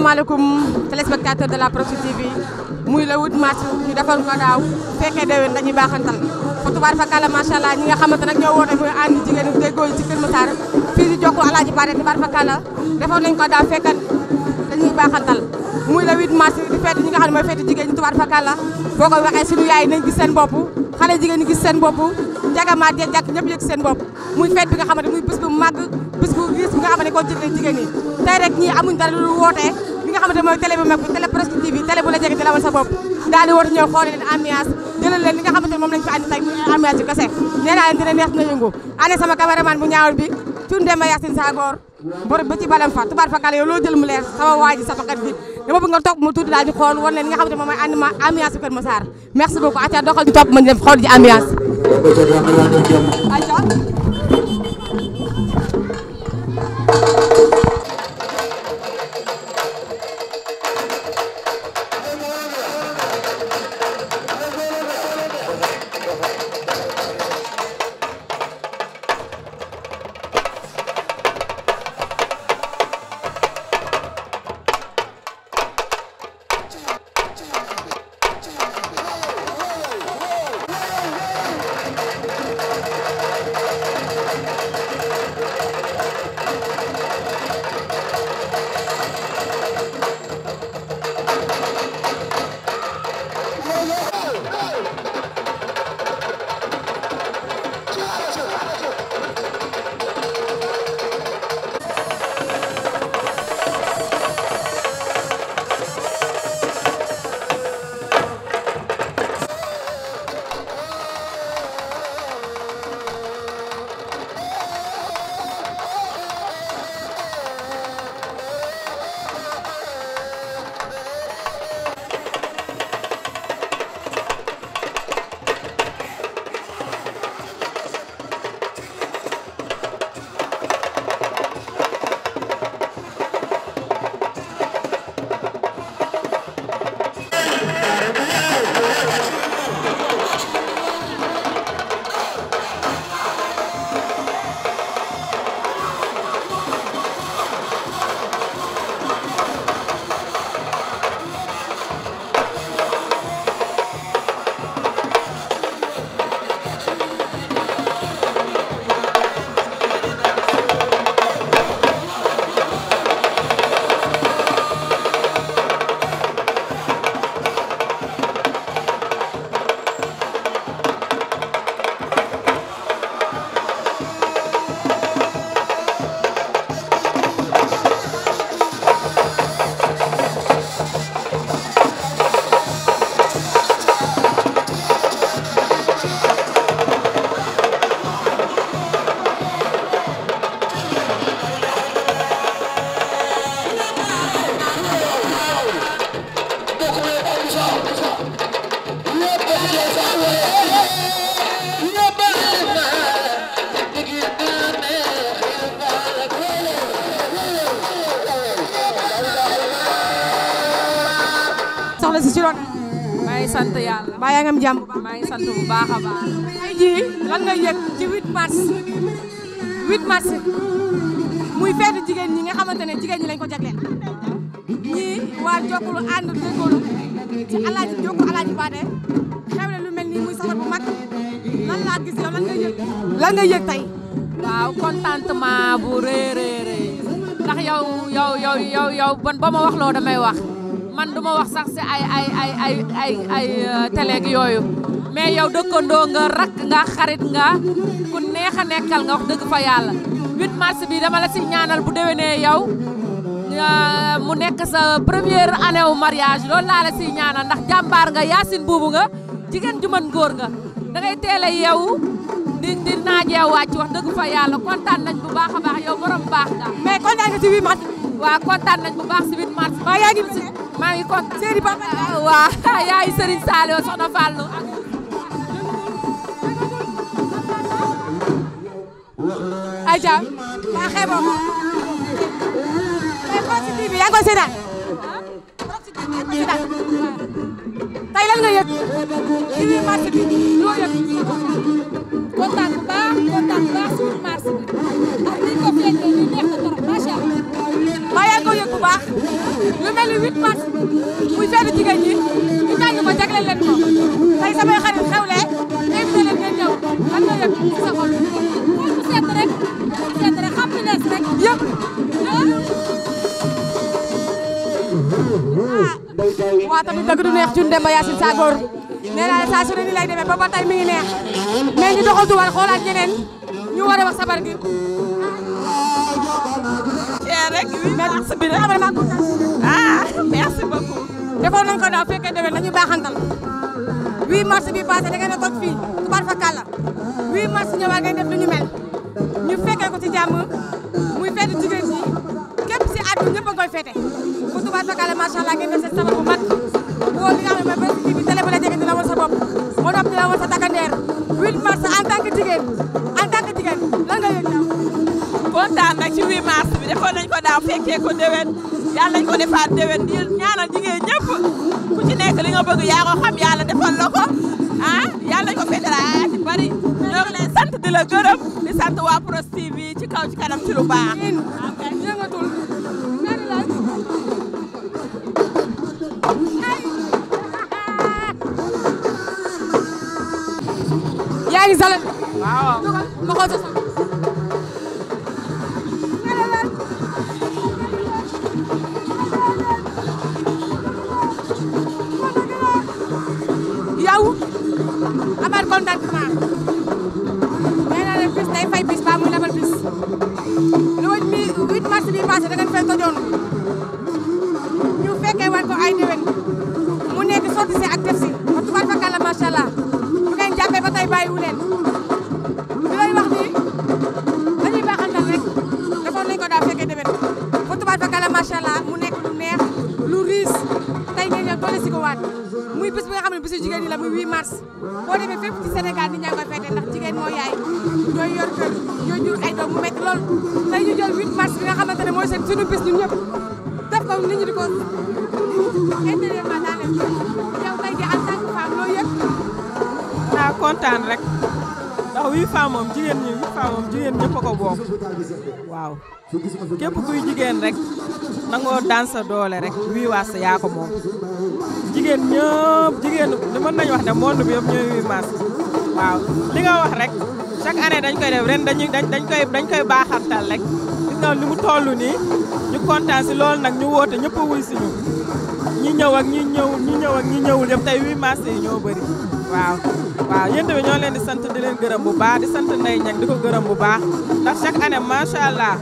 asalaamaaleykum téléspectateur de la Proxi TV muy la wut mars ñu defal ko daaw fekkee déwén dañuy baaxantal fa tubaar fa kàlla macha allah ñi nga xamante nag ñoo woote muy ànd jigéen ñi déggoo yi ci Kër Massar fii di jokku alaaji bare tubaar fa kàlla defoon nañ ko daaw fekkat dañuy baaxantal muy la 8 mars di fête ñi nga xam ne mooy fête jigéen ñi tubaar fa kàlla boo ko waxee suñu yaay nañ gis seen bopp xale jigéen ñi gis seen bopp seen bopp muy fête bi nga xamante muy bis bu màgg bis bu riis bi nga xamante ko jëlee jigéen nga xamante mooy télé bu mag leen ambiance nga xamante moom lañ fi andi bi kese nee naa leen dina neex dina yëngu ane ba fa tubaar fakal loo jël mu leer sama waa ji sa fakat bi dama bëgg nga toog mu tuuti daal xool wan leen li nga xamante moom mooy anima ambiance bi Kër Massar merci beaucoup aca doxal di topp ma ñu xool ji ambiance maa ngi sant bu baax a baax. tey jii lan nga yëg ci 8 mars 8 mars muy feetu jigéen ñi nga xamante ne jigéen ñi lañ ko jagleel. ñii waa Jokalante ànd déggoolu ci alaaji Jokal alaaji Bade xewle lu mel nii muy safar bu mag lan laa gis yow lan nga yëg lan nga yëg tey. waaw contentement bu rëy rëy rëy ndax yow yow yow yow yow ban ba ma wax loo damay wax man du wax sax si ay ay ay ay ay ay euh, télé yooyu mais yow de dëkkandoo nga rak nga xarit nga ku neex nekkal nga wax deug fa yalla 8 mars bi dama la ci ñaanal bu dewe ne yow mu nekk sa première année au mariage loolu la la ci ñaanal ndax jambar nga yaasin bubu nga jigen ju man gor nga da ngay teel yow di di naajee wacc wax deug fa yalla contane nañ bu baax baax yow borom baax nga. mais contane ci 8 mars. wa contane nañ bu baax ci 8 mars. ba yaa ngi maa ngi contane seri Ba. wa yaay Serigne salio soxna fallu ak. jàmm waa xeeboo ko tey Proxi TV yaa ngi koy seetaan Proxi nga yëg ci biir marché bi loo yëg kontaan bu baax kontaan bu baax suñu marché bi ak ni maa yaa ngi koy yëg bu baax lu mel ni 8 mars muy feetu jigéen ñi ñu jàng ko jagleel leen ko tey samay xarit xewle invité leen ngeen ñëw lan nga yëg ci sa combat tamit dëgg du neex Thioune Demba Yacine Sagor nee naa la saa su ne nii lay demee ba ba tey mi ngi neex mais ñu doxal tubaab xoolaat ñeneen ñu war a wax sabar gi. yaa rek oui merci ah, bi rek ah merci beaucoup. defoon nañu ko daaw fekkee demee nañu baaxantal 8 mars bi passé da ngeen a toog fii tubaab fa kàlla 8 mars ñëwaat ngeen def lu ñu mel ñu fekkee ko ci jàmm muy fête jigéen ñi képp si àdduna ñëpp a koy fête bu tubaab fa kàlla macha allah ngeen def seen sabar bu mat. woo li nga xam ne mooy Prestige TV télé bi la jege dina war sa bopp moo tax dina war sa takkandeer 8 mars en tant que jigéen en tant que jigéen lan nga yëg ñaaw. kontaan nag ci 8 mars bi defoon nañ ko daaw fekkee ko déwén yàlla nañ ko defaat déwén di ñaanal jigéen ñëpp ku ci nekk li nga bëgg yaa ko xam yàlla defal la ko ah yàlla nañ ko féetalaay ci bari ñoo ngi leen sant di la gërëm di sant waa Prestige TV ci kaw ci kanam ci lu baax. uma roda. yow Amar contentement nee naa leen bis day fay bis ba muy lebal bis le huit mars bi passé boo demee fépp ci Sénégal nit ñaa ngi koy ndax jigéen moo yaay ñooy yor kër ñooy jur ay doom mu métti lool tey ñu jël 8 mars bi nga xamante ne mooy seen suñu bis ñun ñëpp def ko nit ñi di ko intérieurement daa kontaan rek ndax wii femme jigéen ñi wii femme jigéen ñëpp a ko bokk waaw képp kuy jigéen rek nangoo daan sa doole rek wii waas yaa ko moom jigéen ñëpp jigéen mën nañu wax ne monde bi yëpp ñooy 8 mars waaw li nga wax rek chaque année dañ koy def ren dañuy dañ koy dañ koy baaxantal rek gis nga li mu toll nii ñu kontaan loolu nag ñu woote ñëpp a wuy si ñu ñi ñëw ak ñi ñëwul ñi ñëw ak ñi ñëwul yëpp tey 8 mars yi ñoo bëri waaw. waaw yéen tamit ñoo leen di sant di leen gërëm bu baax di sant Ndeye Niang di ko gërëm bu baax ndax chaque année macha allah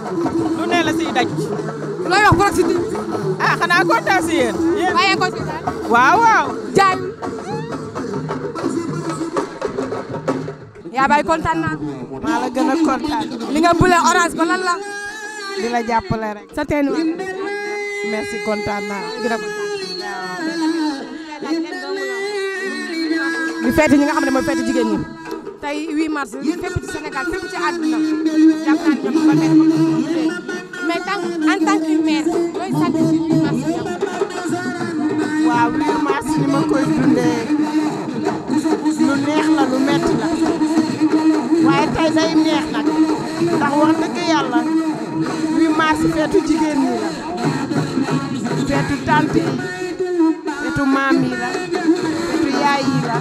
lu ne la siy daj. looy wax proxy. ah xanaa kontaan si yéen. yéen waaw waaw Diagne yaa bay kontaan naa maa la gën a kontaan li nga bule orange ba lan la di la jàppale rek sa teen wa merci kontaan naa gërëm di feeti ñi nga xam ne ma feeti jigéen ñi tey 8 mars fépp ci Sénégal fépp ci àdduna jàpp naa ne ba mais en tant que maire looy sant ci 8 mars waaw huit mars ni ma koy dundee lu neex la lu metti la waaye tey day neex nag ndax wax dëgg yàlla huit mars feetu jigéen ñi la feetu tante yi feetu maam yi la feetu yaay yi la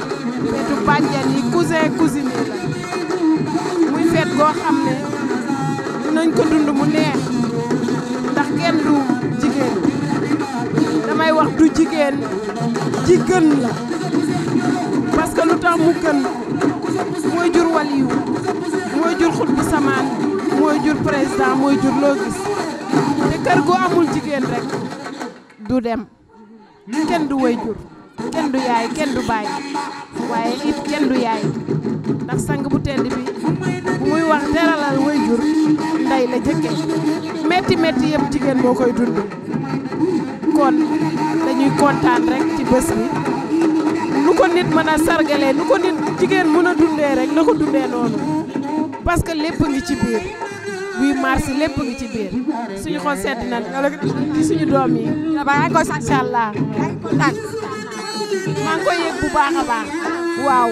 feetu bàjjan yi cousin cousine yi la muy feet goo xam ne dinañ ko dund mu neex ndax kenn du may wax du jigen ji gën la parce que lu mu gën moy jur waliyu moy jur xut bu moy jur président moy jur loo gis te kër go amul jigen rek du dem ken du way jur ken du yaay ken du baay waye it ken du yaay ndax sang bu tedd bi muy wax teralal way jur nday la jëkke metti metti yëpp jigen moo koy dund kon dañuy kontaan rek ci bés bi lu ko nit mën a sargalee ko nit jigéen mën a dundee rek na ko dundee noonu parce que lépp ngi ci biir 8 mars lépp ngi ci biir suñu xol sedd na ci suñu doom yi. waaw yaa ngi koy bu baax baax waaw.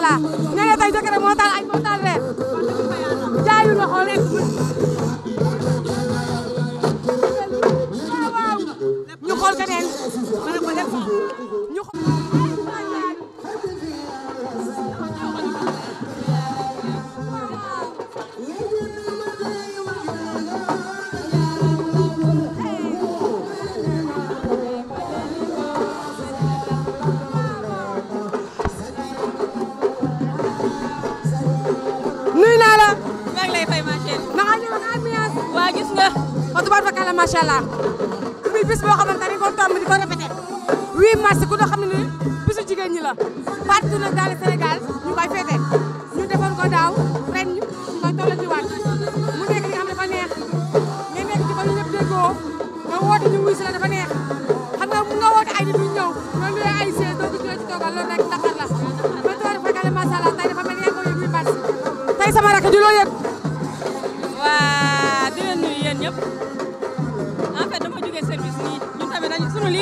allah ñu ne tey Jokalante moo taal ay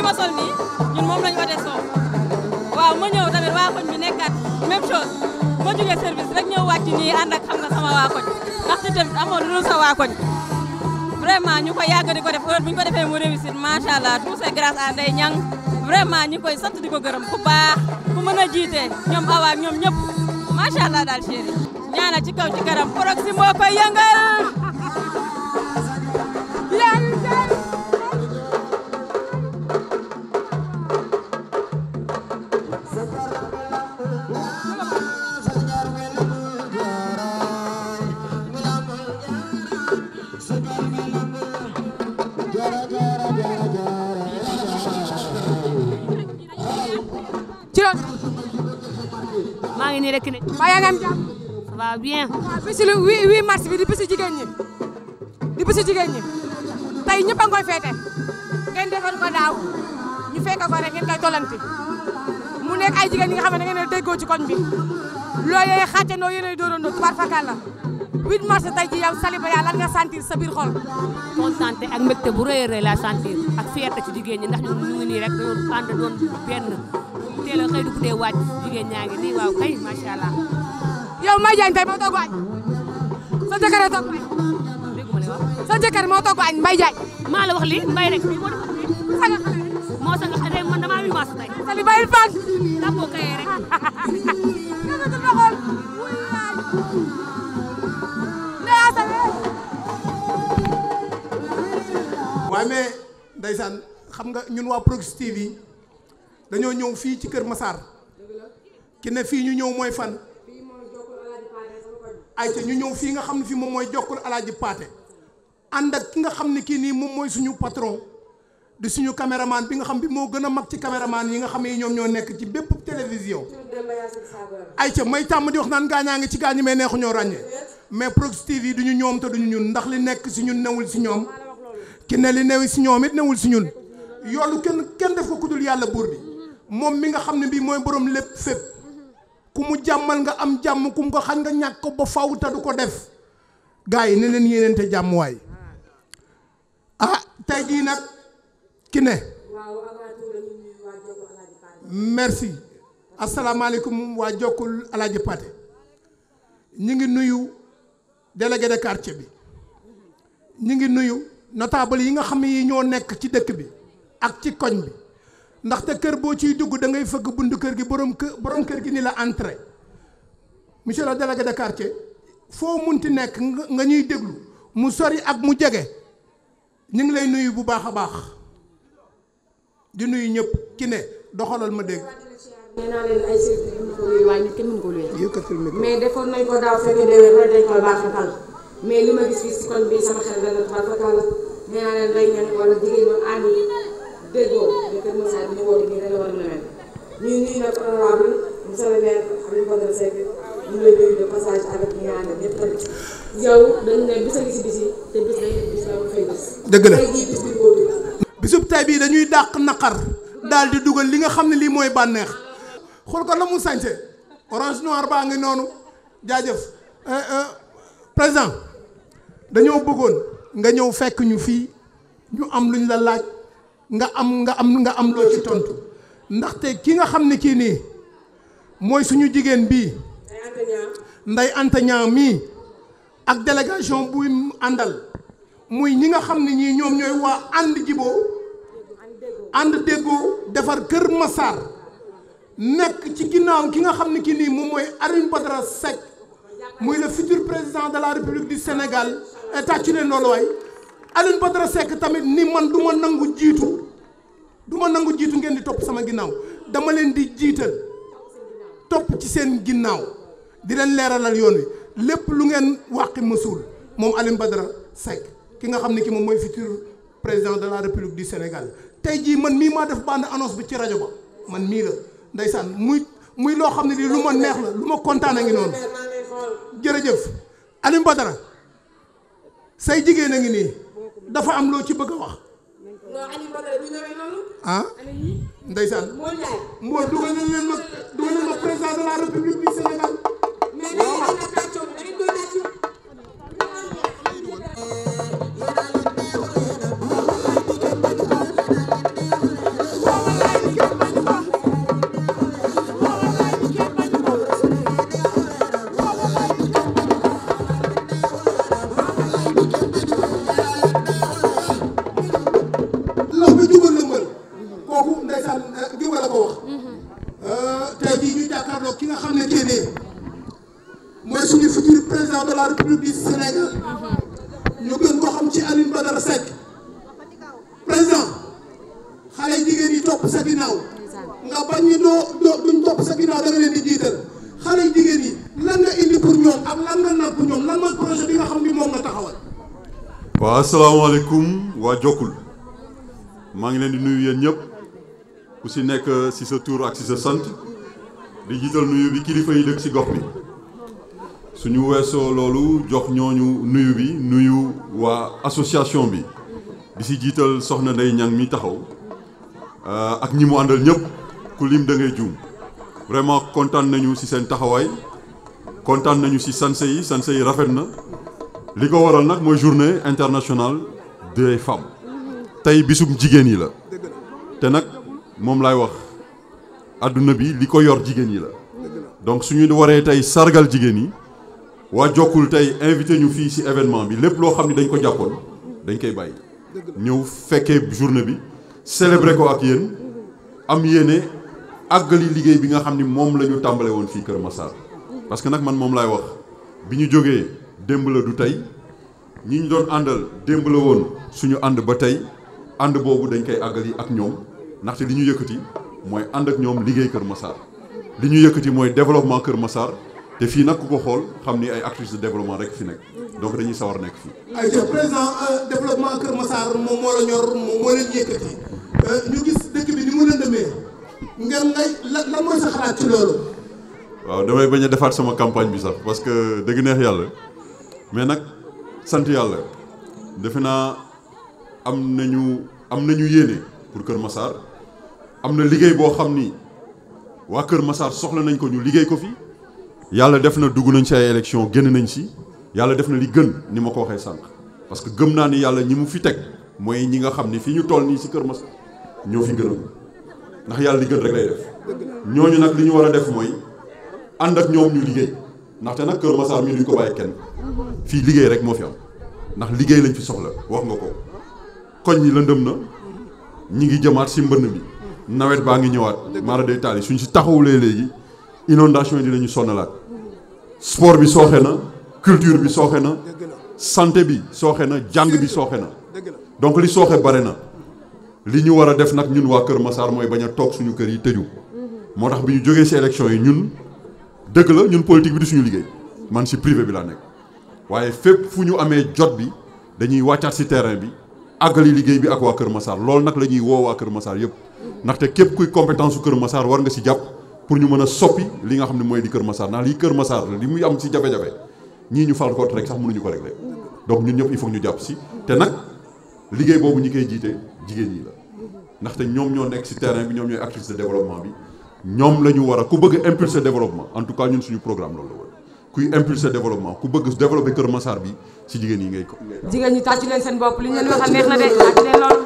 ma sol nii ñun moom lañ wate soow waaw ma ñëw tamit waa koñ bi nekkaat même chose ma jógee service rek ñëw wàcc nii ànd ak xam sama waa koñ ndaxte tamit amoon lu sa waa koñ vraiment ñu koy yàgg di ko def heure bu ñu ko defee mu réussir macha allah tout c'est grâce à Ndeye Niang ñu koy sant di ko gërëm ku baax ku mën jiite ñoom awaak ñoom ñëpp macha daal chéri ñaana ci kaw ci kanam proxi moo koy yëngal ñi rek ne. waaw yaa ça va bien. waaw bisu le 8 mars bi di bisu jigéen ñi di bisu jigéen ñi tay ñëpp a ngi koy féete ngeen defar ko daw ñu fék ko rek ngeen koy tollanti mu nekk ay jigéen yi nga xam ne da ngeen a déggoo ci koñ bi loolu yëpp xàccandoo yéenay dóorandoo tubaar fakal la 8 mars tay ji yow Saliba yaa lan nga sentir sa bir xol. santé ak mbégte bu reuy reuy la sentir ak fierté ci jigéen ñi ndax ñu ngi ni rek ñu ànd doon benn. teel a xëy du jigéen ñaa nii waaw kay macha allah. yow Mbaye Diagne tey moo togg añ sa jëkkër a togg añ sa jëkkër moo togg maa la wax lii Mbaye rek moo def moo sa nga xam ne man damaa wimaas tey sa fan dàppoo kayee rek waaye mais ndeysaan xam nga ñun waa Proxi TV dañoo ñëw fii ci Kër Massar ki ne fii ñu ñëw mooy fan ay te ñu ñëw fii nga xam ne fii moom mooy jokkul alaaji paate ànd ak ki nga xam ni kii nii moom mooy suñu patron di suñu caméraman bi nga xam bi moo gën a mag ci caméraman yi nga xam ne ñoom ñoo nekk ci bépp télévision ay ca may tàmm di wax naan gaañaa ngi ci gaañi may neexu ñoo ràññee mais Proxi TV du ñu ñoom te duñu ñu ñun ndax li nekk si ñun newul si ñoom ki ne li newi si ñoom it newul si ñun yoolu kenn kenn def ko kudul yàlla buur bi moom mi nga xam ne bii mooy boroom lépp fépp ku mu jàmmal nga am jàmm ku mu ko xañ nga ñàkk ba faw te du ko def gars yi ne leen yéeneente jàmm waay ah tey jii nag ki ne merci asalaamaaleykum waa jokkul alaaji Pate ñu ngi nuyu délégué de quartier bi ñu ngi nuyu notable yi nga xam ne yi ñoo nekk ci dëkk bi ak ci koñ bi ndaxte kër boo ciy dugg dangay ngay fëgg bunt kër gi borom kër borom kër gi ni la entrée monsieur le délégué de quartier foo mun munti nekk nga ñuy déglu mu sori ak mu jege ñu ngi lay nuyu bu baax a baax di nuyu ñëpp ki ne doxalal ma dégg. nee naa leen ko luy mais defoon nañ ko daaw a mais li sama xel déggoo de Kër Moussa di ñu woote dëgg la bisub tay bii dañuy dàq naqar daal di dugal li nga xam ne lii mooy bànneex xool ko la mu sañse orange noir baa ngi noonu jaajëf euh, euh, président dañoo bëggoon nga ñëw fekk ñu fii ñu am luñ la laaj. nga am nga am nga am loo ci tontu ndaxte ki nga xam ne kii nii mooy suñu jigéen bii Ndeye Anta Niang ak délégation buy àndal muy ñi nga xam ne ñii ñoom ñooy waa ànd jiboo ànd déggoo defar Kër Massar nekk ci ginnaaw ki nga xam ne kii nii moom mooy Alioune Badara Seck muy le futur président de la République du Sénégal tàccu leen loolu waay Alioune Badara sek tamit ni man duma nangou nangu jiitu nangou nangu jiitu ngeen di top sama ginau, dama len di jital top ci sen ginnaaw di len leralal yoon wi lepp lu ngeen wàqi mësul moom Alioune Badara sek ki nga xamni ki mom moy futur président de la republique du senegal tay ji man mi ma def bande annonce bi ci radio ba man mi la ndaysan muy muy lo xamni li luma neex la luma contane ngi non jerejeuf Alioune Badara say ngi dafa am loo ci bëgg a wax. ah. ndeysaan. moo na leen ma dugal na ma président de la république du topp sa nga bañ ñu doo duñ topp sa ginnaaw da leen di jiital xale yu jigéen yi lan nga indi pour ñoom ak lan nga nag pour ñoom lan mooy projet bi nga xam ni moom nga taxawal. waa Jokkul maa ngi leen di nuyu yéen ñëpp ku si nekk si sa tur ak sa sant di jiital bi kilifa yi dëkk si gox bi suñu weesoo loolu ñooñu nuyu bi waa association bi di si jiital soxna Ndeye Niang mi taxaw. Euh, ak ñi mu àndal ñëpp ku lim da ngay juum vraiment kontaan nañu ci seen taxawaay kontaan nañu ci sanse yi sanse yi rafet na li ko waral nag mooy journée internationale des femmes tey bisum jigéen yi la te nag moom lay wax àdduna bi li ko yor jigéen yi la donc suñu waree tey sargal jigéen yi waa jokkul tey invité ñu fii ci événement bi lépp loo xam ne dañ ko jàppoon dañ koy bàyyi ñëw fekkee journée bi célébrer ko ak yéen am yéene àggali liggéey bi nga xam ni moom la ñu tàmbale woon fii Kër Massar parce que nag man moom laay wax bi ñu jógee démb la du tey ñi ñu doon àndal démb la woon suñu ànd ba tey ànd boobu dañ koy àggali ak ñoom ndaxte li ñu yëkkati mooy ànd ak ñoom liggéey Kër Massar li ñu yëkkati mooy développement Kër Massar te fii nag ku ko xool xam ni ay actrices de développement rek fi nekk donc dañuy sawar nekk fii. ay président euh, développement Kër ñu gis dëkk bi ni mu lëndëmee ngeen ngay lan mooy sa xalaat ci loolu waaw damay bañ a defaat sama campagne bi sax parce que dëgg neex yàlla mais nag sant yàlla defe naa am nañu am nañu yéene pour Kër Massar am na liggéey boo xam ni waa Kër Massar soxla nañ ko ñu liggéey ko fi yàlla def na dugg nañ ci ay élection génn nañ si yàlla def na li gën ni ma ko waxee sànq parce que gëm naa ni yàlla ñi mu fi teg mooy ñi nga xam ni fii ñu toll nii si Kër Massar ñoo fi gënoon ndax yàlla di gën rek lay def ñooñu nag li ñu war a def mooy ànd ak ñoom ñu liggéey ndaxte nag Kër Massar mii duñ ko bàyyi kenn fii liggéey rek moo fi am ndax liggéey lañ fi soxla wax nga ko koñ ñi lëndëm na ñi ngi jëmaat si mbënn bi nawet baa ngi ñëwaat maara day taal yi suñ si taxawulee léegi inondation yi dinañu laat sport bi sooxe na culture bi sooxe na santé bi sooxe na jàng bi sooxe na donc li sooxe bare na li ñu war def nak ñun wa Kër Massar moy baña tok suñu kër yi teju motax tax bi ñu jógee si élection yi ñun dëgg la ñun politique bi du suñu liggéey man si privé bi la nek waaye fep fu ñu amee jot bi dañuy waccat ci terrain bi agali liggéey bi ak wa Kër Massar lool nak lañuy wo wa Kër Massar nak té képp kuy compétence su Kër Massar war nga ci japp pour ñu mëna soppi li nga xamni moy di Kër Massar ndax li Kër Massar li muy am si jafé jafé ñi ñu fal ko rek sax mënuñu ko régler donc ñun ñëpp il faut ñu japp si té nak liggéey boobu ñi koy jiite jigéen ñi la ndaxte ñoom ñoo nekk ci terrain bi ñoom ñooy actrice de développement bi ñoom la ñu war a ku bëgg impulser développement en tout cas ñun suñu programme loolu la woon kuy impulser développement ku bëgg développer Kër Massar bi ci jigéen yi ngay ko. jigéen ñi tàcc leen seen bopp li ñu neex na de tàcc leen lool.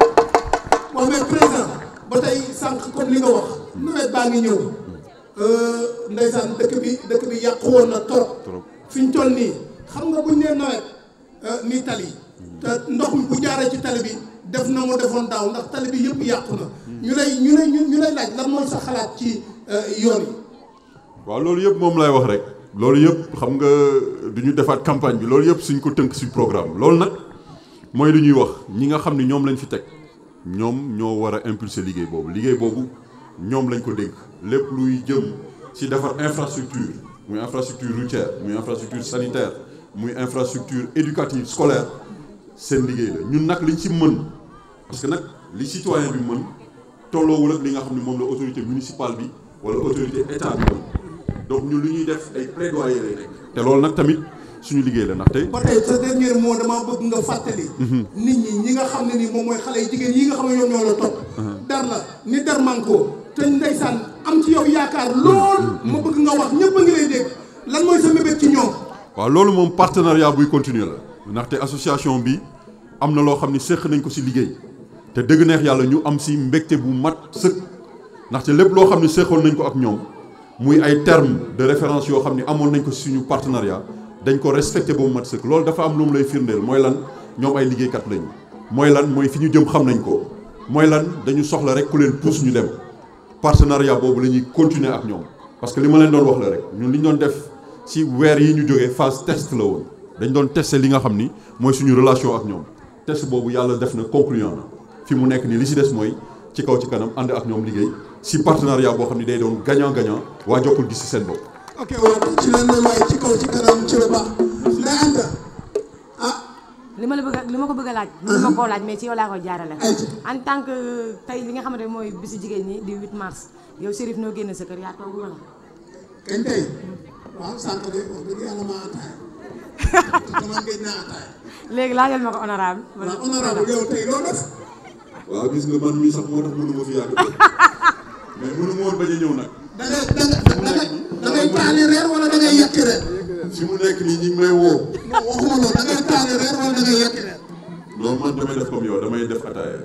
moom mais président ba tey sànq comme li nga wax nawet baa ngi ñëw euh, ndeysaan dëkk bi dëkk bi yàqu woon na trop. nii te ndox mi bu jaaree ci tali bi def na mu defoon daaw ndax tali bi yëpp yàqu na. ñu lay ñu lay ñu lay laaj lan mooy sa xalaat ci euh, yoon yi. waaw loolu yëpp moom lay wax rek loolu yëpp xam nga du ñu defaat campagne bi loolu yëpp suñ ko tënk si programme loolu nag mooy lu ñuy wax ñi nga xam ne ñoom lañ fi teg ñoom ñoo war a impulser liggéey boobu liggéey boobu ñoom lañ ko dénk lépp luy jëm ci defar infrastructure muy infrastructure routière muy infrastructure sanitaire muy infrastructure éducative scolaire. seen liggéey la ñun li liñ ci mën parce que nag li citoyen bi mën tolloowul ak li nga xam ne moom la autorité municipale bi wala autorité état bi mën donc ñu li ñuy def ay plaidoyer lay nekk te loolu nag tamit suñu liggéey la ndax tey ba tey sa dernier mot damaa bëgg nga fàttali mhm. nit ñi ñi nga xam ne ni moom mooy xale yi jigéen yi nga xam ne ñoom ñoo la topp mhm. dar la ni dar manko te ndeysaan am ci yow yaakaar mhm. lool ma bëgg nga wax ñëpp ngi lay dégg lan mooy sa ci ñoom waaw loolu moom partenariat buy continuer la ndaxte association bi amna lo xamni xam nañ ko ci liggéey te deug neex yalla ñu am ci mbégte bu mat sëkk ndaxte lépp loo xam ni séqoon nañ ko ak ñom muy ay terme de référence yo xamni amon nañ ko ci suñu partenariat dañ ko respecté bu mat sëkk loolu dafa am lu lay firndel moy lan ñom ay kat lañ moy lan moy fiñu jëm xam nañ ko moy lan dañu soxla rek ku leen pousse ñu dem partenariat bobu lañuy continuer ak ñom parce que li ma leen doon wax la rek ñun li ñu doon def ci wèr yi ñu joggé phase test la woon. dañ doon tester li nga xam ni mooy suñu relation ak ñoom test boobu yàlla def na concluant na fi mu nekk ni li si des mooy ci kaw ci kanam ànd ak ñoom liggéey si partenariat boo xam ni day doon gagnant gagnant waa jokkul gis si seen bopp. ok waaw ci leen ne may ci kaw ci kanam ci la baax. mais ah. li ma la bëgg li ma ko bëgg a laaj. li ma koo laaj mais ci yow laa koy jaarale. en tant que tey li nga ne mooy bisu jigéen ñi di 8 mars yow Chérif noo génne sa kër yaa toog wala. kañ tey waaw sànq de wax dëgg yàlla maa taay. léegi laajal ma ko honorable. waaw honorable yow tey loo def. waaw gis nga man mii sax moo tax mënu ma fi yàgg mais mënu ma woon bañ a ñëw nag. da ngay da ngay da ngay taali reer wala da ngay yekki reer. fi mu nekk nii ñu ngi may woo. waxuma loolu da ngay taali reer wala da ngay yekki reer. non man damay def comme yow damay def ataaya.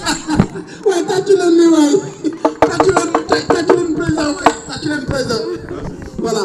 waaye tàccu leen nii waay tàccu leen tàccu leen président waay tàccu leen président voilà.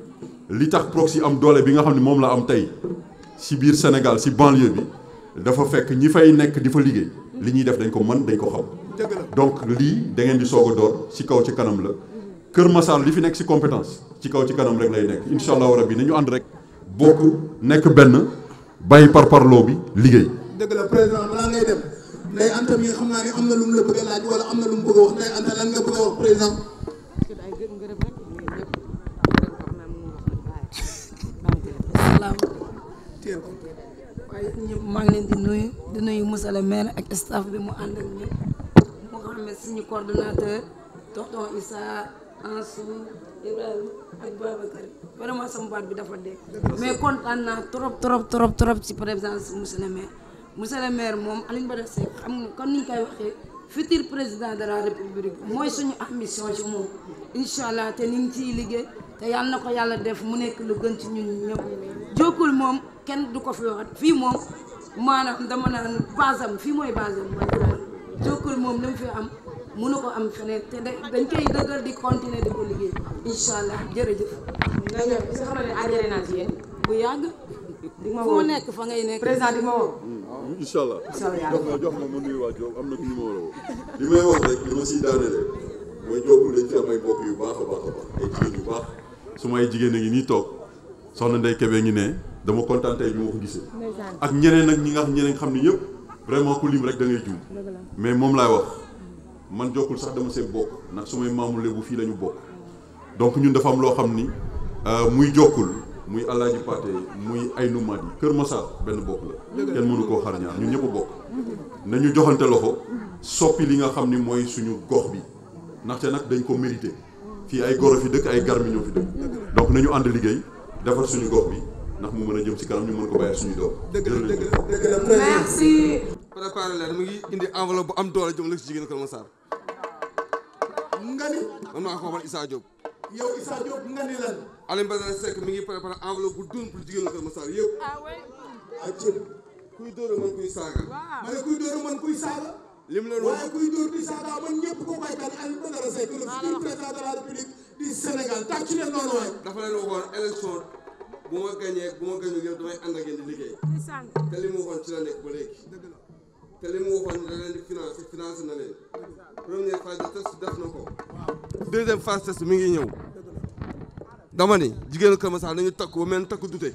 li tax proxy am doole bi nga xam ne moom la am tey si biir Sénégal si banlieue bi dafa fekk ñi fay nekk di fa liggéey li ñuy def dañ ko man dañ ko xam donc lii da ngeen di soog a door si kaw ci kanam la Kër Massar li fi nekk si compétence ci kaw ci kanam rek lay nekk incha allahu rabi ñu ànd rek bokk nekk benn bàyyi par parloo bi liggéey. dëgg la am na a am na lu mu bëgg a téye ko ñëpp maa ngi leen di nuyu di nuyu monsieur le maire ak staff bi mu ànd ak ñëpp mu xam ne suñu coordonnateur tonton Issa Ansou Ibrahima ak Babacar vraiment sama baat bi dafa dee mais kontaan naa trop trop trop trop ci présence monsieur le maire le maire moom Alioune Badara Seck xam nga kon niñ koy waxee futur président de la république mooy suñu ambition ci moom incha te ni ngi ciy liggéey te yàlla na ko yàlla def mu nekk lu gën ci ñun ñëpp jokkul moom kenn du ko fi waxat fii moom maanaam dama naan basam fii mooy basam mooy daal fi am mënu am feneen te dañ yàgg. ma nekk fa ngay a woo. li a baax a baax ay jigéen yu baax. su ma ay a ngi nii toog soxna Ndeye Kébé ngi ne. dama kontaan tey bi ma ko gisee. ak ñeneen ak ñi nga xam ñeneen xam ne ñëpp vraiment ku lim rek da ngay mais moom laay wax man jokkul sax dama see bokk ndax sumay maamu lébu fii la ñu bokk. donc ñun dafa am loo xam ni euh, muy jokkul muy Alaaji Paate muy ay numaat yi Kër Masar benn bokk la. kenn mënu koo xar ñaar ñun ñëpp bokk. nañu joxante loxo soppi li nga xam ni mooy suñu gox bi ndaxte nag dañ ko mérité fii ay goro fi dëkk ay garmi ñoo fi dëkk donc nañu ànd liggéey defar suñu gox bi. ndax mu mën a jëm ci kanam ñu mën ko bàyyi suñu doom. dëgg la dëgg la mu ngi indi enveloppe bu am doole jëm la ci jigéen Kër Massar. nga ni. man maa lan. Alioune mi ngi préparé enveloppe bu ah ah, kuy saaga. ma kuy dóor mën kuy saaga. lim la waaye kuy dóor kuy saaga man ñëpp koo koy tànn Alioune Badara Seck le ah futur président de la République du Sénégal tàcc leen noonu waay. dafa leen waxoon élection. bu ma gañee bu ma da leen di financé na leen première phase de test def na ko deuxième phase mi ngi ñëw dama ni jigéenu Kër Massar nañu takk ba mel takk dute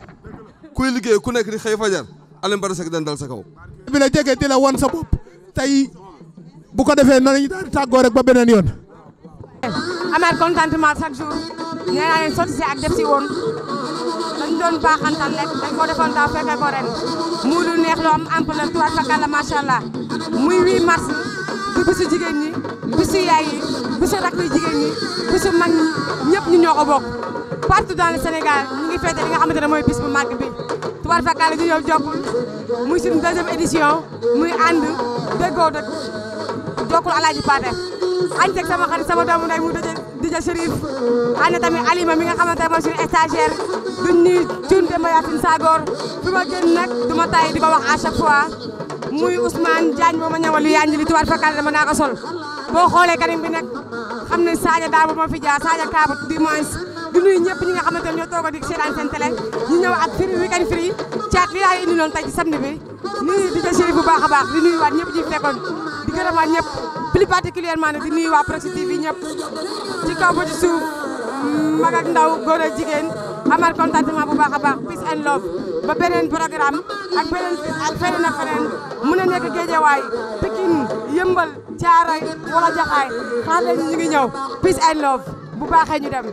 kuy liggéey ku nekk di xëy fajar ale Badara Seck dañ dal sa kaw bi la jege di la wan sa bopp tey bu ko defee noonu ñu daal di rek ba beneen yoon amaat contentement chaque jour nee naa leen sotti si ak def si woon dañ baaxantal rek dañ ko defoon daaw fekke ko mu lu neex lu am ampleur tuwaat fakal la macha muy 8 mars di bisu jigéen ñi bisu yaay yi bisu rakk yi mag ñëpp ñu ñoo ko bokk partout dans ñu ngi feete li nga xamante ne mooy bis bu màgg bi tuwaat fakal la ñu yow jokkul muy suñu deuxième muy ànd déggoo dëkk jokkul alaaji Paate ànd ak sama xarit sama doomu ndey mu dëjee Dija Chérif ànd tamit Alima mi nga xamante ne mooy suñu stagiaire duñ ñuy Demba Yacine Sagor fi ma génn nag du ma tay di ko wax à chaque fois muy Ousmane Diagne moo ma ñawal lu yaa ngi li tubaab fakkaale dama bi nag xam ne Sadio Dabo moo fi jaar Sadio Kaba du moins di nuyu ñëpp ñi nga xamante ñoo toog di seetaan seen télé ñu ak Free Weekend Free caat li laa indi noonu tey ci samedi bi nuyu Dija bu baax a baax di nuyu waat ñëpp ñu fekkoon di gërëm waat ñëpp plus particulièrement nag di nuyu waa Proxi TV ñëpp ci kaw ba ci suuf mag ndaw góor ak jigéen amal contentement bu baax a baax peace and love ba beneen programme ak beneen ak feneen ak feneen mën a nekk géejewaay Pikine yëmbal caaray wala jaxaay xaar leen ñu ngi ñëw peace and love bu baaxee ñu dem